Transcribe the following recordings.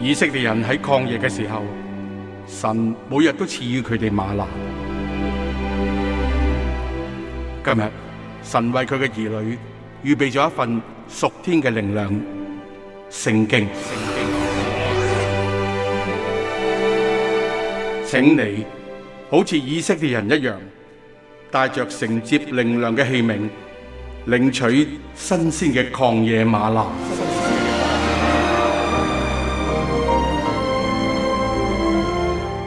以色列人在曠野的時候，神每日都賜予他們嗎哪。今日神為他的兒女預備了一份屬天的靈糧聖經，聖經。請你好像以色列人一樣，帶着承接靈糧的器皿，領取新鮮的曠野嗎哪。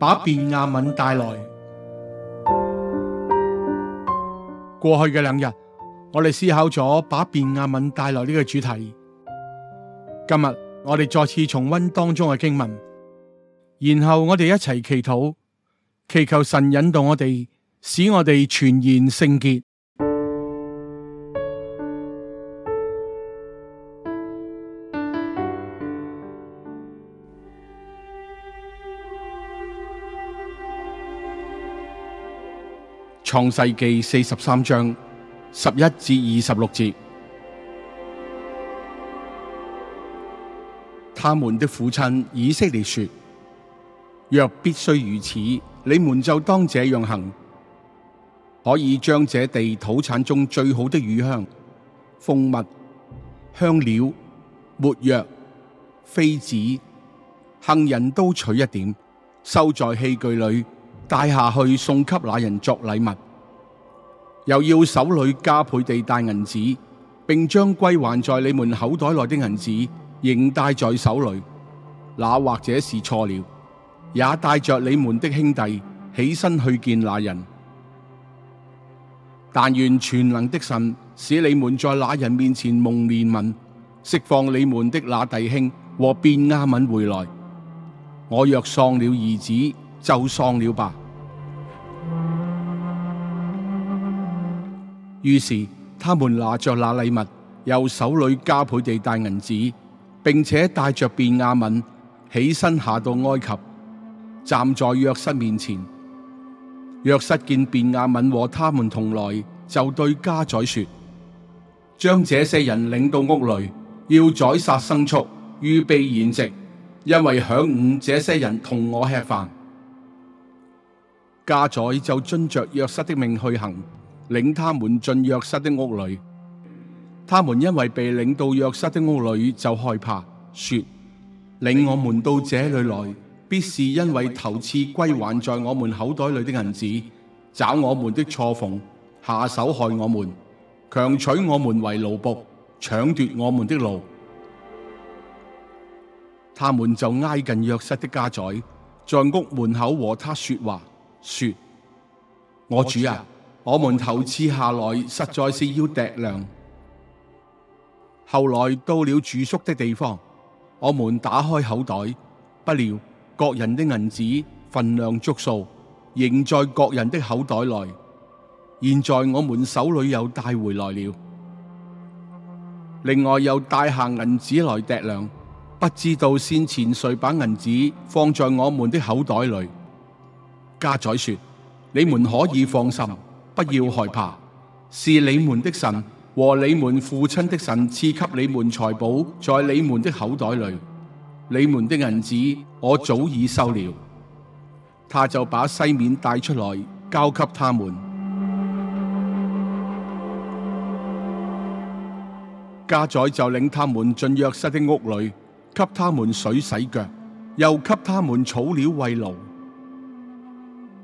把便雅憫帶來。過去嘅兩日，我哋思考咗把便雅憫帶來呢個主題。今日我哋再次重溫當中嘅經文，然後我哋一齊祈禱，祈求神引導我哋，使我哋全然聖潔。創世記四十三章十一至二十六節，他們的父親以色列說：若必須如此，你們就當這樣行。可以將這地土產中最好的乳香、蜂蜜、香料、沒藥、榧子、杏仁都取一點，收在器具裏。帶下去送給那人作禮物，又要手裏加倍地帶銀子，並將歸還在你們口袋內的銀子仍帶在手裏。那或者是錯了，也帶着你們的兄弟起身去見那人。但願全能的神使你們在那人面前蒙憐憫，釋放你們的那弟兄和便雅憫回來。我若喪了兒子，就喪了吧。於是他們拿着那禮物，由手裏加倍地帶銀子，並且帶着便雅憫起身下到埃及，站在約瑟面前。約瑟見便雅憫和他們同來，就對家宰說：將這些人領到屋裏，要宰殺牲畜，預備筵席，因為晌午這些人同我吃飯。家宰就遵着約瑟的命去行。領他們進約瑟的屋裏，他們因為被領到約瑟的屋裏就害怕，說：領我們到這裏來，必是因為頭次歸還在我們口袋裏的銀子，找我們的錯縫，下手害我們，強取我們為奴僕，搶奪我們的驢。他們就挨近約瑟的家宰，在屋門口和他說話，說：我主啊！我們頭次下來，實在是要糴糧。後來到了住宿的地方，我們打開口袋，不料各人的銀子分量足數，仍在各人的口袋內。現在我們手裏又帶回來了，另外又帶下銀子來糴糧，不知道先前誰把銀子放在我們的口袋裏。家宰說：你們可以放心。不要害怕，是你們的神和你們父親的神賜給你們財寶在你們的口袋裏。你們的銀子我早已收了，他就把西面帶出來交給他們。家宰就領他們進約瑟的屋裏，給他們水洗腳，又給他們草料餵驢。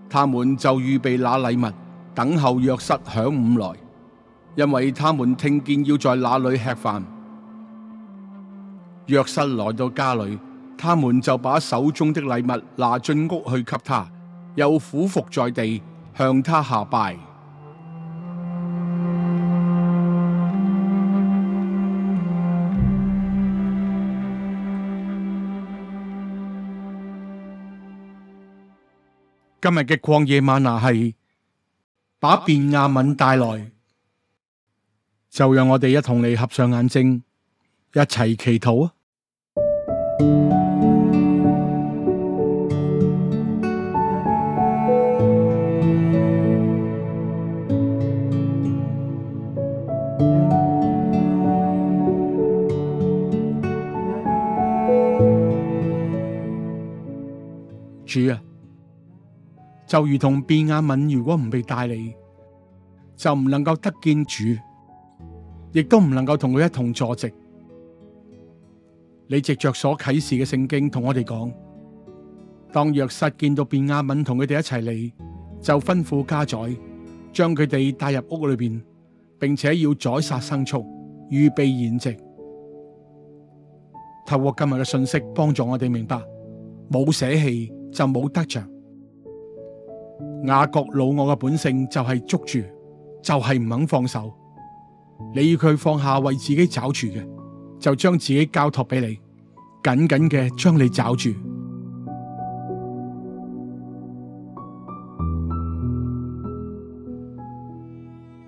他們就預備那禮物。等候約瑟晌午來，因為他們聽見要在那裏吃飯。約瑟來到家裏，他們就把手中的禮物拿進屋去給他，又俯伏在地向他下拜。今日嘅曠野嗎哪係，把便雅憫帶來，就讓我哋一同嚟合上眼睛，一齊祈禱啊！主啊！就如同便雅憫如果唔被帶嚟，就唔能夠得見主，亦都唔能夠同佢一同坐席。你藉着所啟示嘅聖經同我哋講，當約瑟見到便雅憫同佢哋一齊嚟，就吩咐家宰將佢哋帶入屋裏邊，並且要宰殺牲畜，預備筵席。透過今日嘅信息，幫助我哋明白，冇捨棄就冇得着。亞各老我嘅本性就係捉住，就係、是、唔肯放手。你要佢放下，為自己找住嘅，就將自己交託俾你，緊緊嘅將你找住。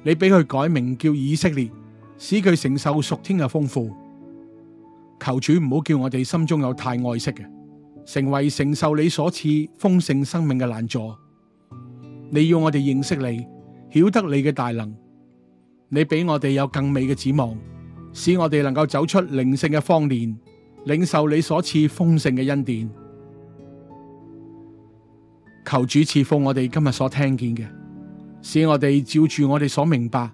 你俾佢改名叫以色列，使佢承受熟天嘅豐富。求主唔好叫我哋心中有太愛惜嘅，成為承受你所賜豐盛生命嘅爛助。你要我哋認識你，曉得你嘅大能，你俾我哋有更美嘅指望，使我哋能夠走出靈性嘅荒年，領受你所賜豐盛嘅恩典。求主賜福我哋今日所聽見嘅，使我哋照住我哋所明白，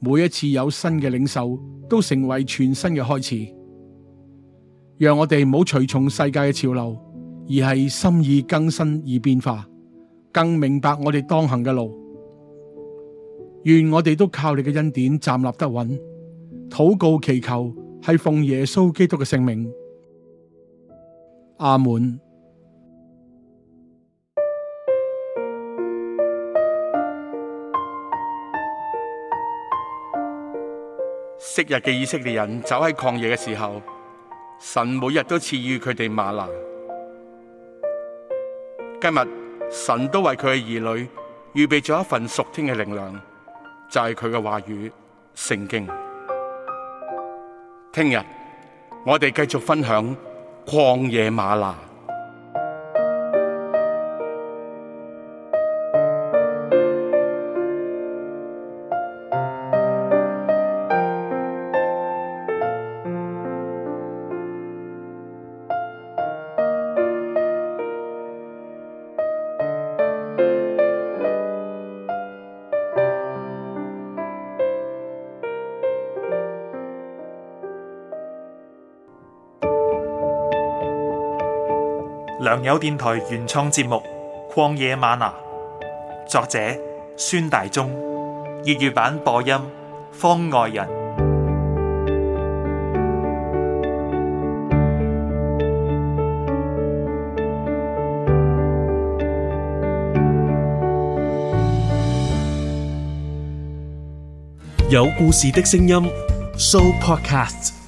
每一次有新嘅領受，都成為全新嘅開始。讓我哋唔好隨從世界嘅潮流，而係心意更新而變化。更明白我哋當行嘅路，願我哋都靠你嘅恩典站立得穩。禱告祈求，係奉耶穌基督嘅聖名，阿門。昔日嘅以色列人走喺曠野嘅時候，神每日都賜予佢哋嗎哪。今日，神都為佢嘅兒女預備咗一份屬天嘅靈糧，就係佢嘅話語，聖經。聽日我哋繼續分享曠野嗎哪。良友電台原創節目《曠野嗎哪》，作者孫大中，粵語版播音方外人。有故事的聲音，Show Podcast。